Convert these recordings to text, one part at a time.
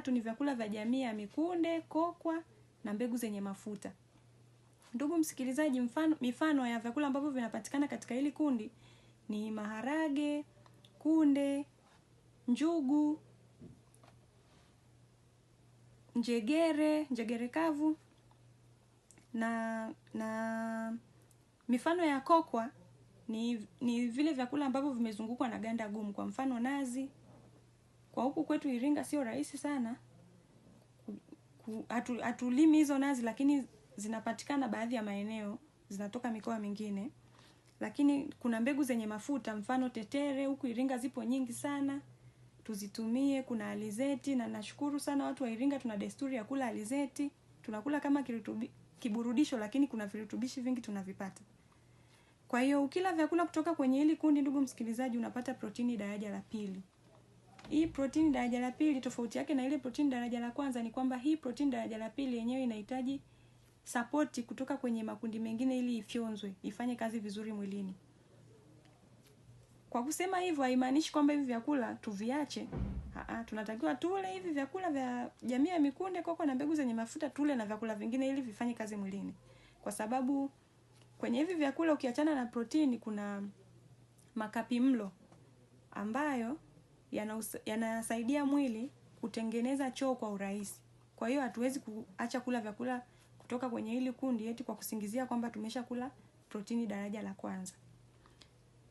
tatu ni vyakula vya jamii ya mikunde, kokwa na mbegu zenye mafuta. Ndugu msikilizaji, mfano, mifano ya vyakula ambavyo vinapatikana katika hili kundi ni maharage, kunde, njugu, njegere, njegere kavu na na mifano ya kokwa ni, ni vile vyakula ambavyo vimezungukwa na ganda gumu, kwa mfano nazi, kwa huku kwetu Iringa sio rahisi sana, hatulimi hizo nazi, lakini zinapatikana baadhi ya maeneo, zinatoka mikoa mingine. Lakini kuna mbegu zenye mafuta, mfano tetere, huku Iringa zipo nyingi sana, tuzitumie. Kuna alizeti, na nashukuru sana watu wa Iringa, tuna desturi ya kula alizeti, tunakula kama kirutubi, kiburudisho, lakini kuna virutubishi vingi tunavipata. Kwa hiyo ukila vyakula kutoka kwenye hili kundi, ndugu msikilizaji, unapata protini daraja la pili. Hii protein daraja la pili tofauti yake na ile protein daraja la kwanza ni kwamba hii protein daraja la pili yenyewe inahitaji sapoti kutoka kwenye makundi mengine ili ifyonzwe, ifanye kazi vizuri mwilini. Kwa kusema hivyo haimaanishi kwamba hivi vyakula tuviache. Aa, tunatakiwa tule hivi vyakula vya jamii ya mikunde, koko na mbegu zenye mafuta, tule na vyakula vingine ili vifanye kazi mwilini, kwa sababu kwenye hivi vyakula ukiachana na protini kuna makapi mlo ambayo yanasaidia yana mwili kutengeneza choo kwa urahisi. Kwa hiyo hatuwezi kuacha kula vyakula kutoka kwenye hili kundi eti kwa kusingizia kwamba tumesha kula protini daraja la kwanza.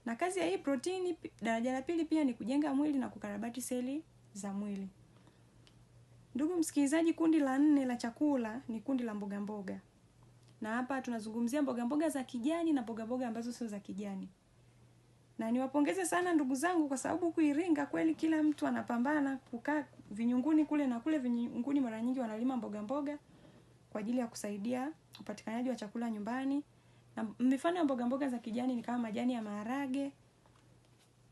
Na kazi ya hii protini daraja la pili pia ni kujenga mwili na kukarabati seli za mwili. Ndugu msikilizaji, kundi la nne la chakula ni kundi la mboga mboga, na hapa tunazungumzia mboga mboga za kijani na mboga mboga ambazo sio za kijani na niwapongeze sana ndugu zangu kwa sababu huku Iringa kweli kila mtu anapambana kukaa vinyunguni kule na kule vinyunguni, mara nyingi wanalima mboga mboga kwa ajili ya kusaidia upatikanaji wa chakula nyumbani. Na mifano ya mboga mboga za kijani ni kama majani ya maharage,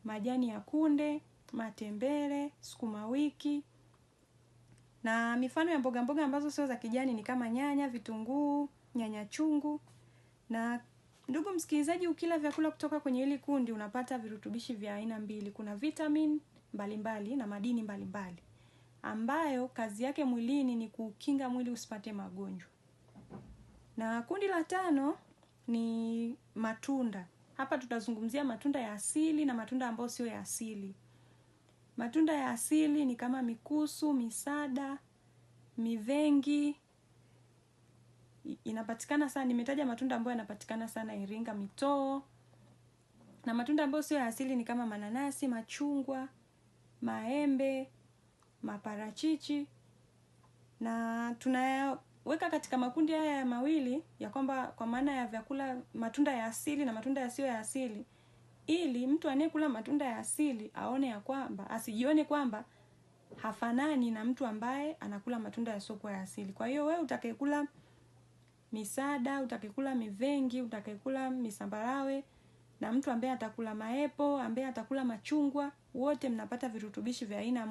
majani ya kunde, matembele, sukuma wiki. Na mifano ya mboga mboga ambazo sio za kijani ni kama nyanya, vitunguu, nyanya chungu na Ndugu msikilizaji, ukila vyakula kutoka kwenye hili kundi unapata virutubishi vya aina mbili. Kuna vitamin mbalimbali mbali, na madini mbalimbali mbali, ambayo kazi yake mwilini ni kukinga mwili usipate magonjwa. Na kundi la tano ni matunda. Hapa tutazungumzia matunda ya asili na matunda ambayo sio ya asili. Matunda ya asili ni kama mikusu, misada, mivengi, inapatikana sana nimetaja matunda ambayo yanapatikana sana Iringa mitoo na matunda ambayo sio ya asili ni kama mananasi machungwa maembe maparachichi na tunayaweka katika makundi haya ya mawili ya kwamba kwa maana ya vyakula matunda ya asili na matunda yasiyo ya asili ili mtu anayekula matunda ya asili aone ya kwamba asijione kwamba hafanani na mtu ambaye anakula matunda yasiokuwa ya asili kwa hiyo wewe utakayekula misada, utakikula mivengi, utakikula misambarawe na mtu ambaye atakula maepo, ambaye atakula machungwa, wote mnapata virutubishi vya aina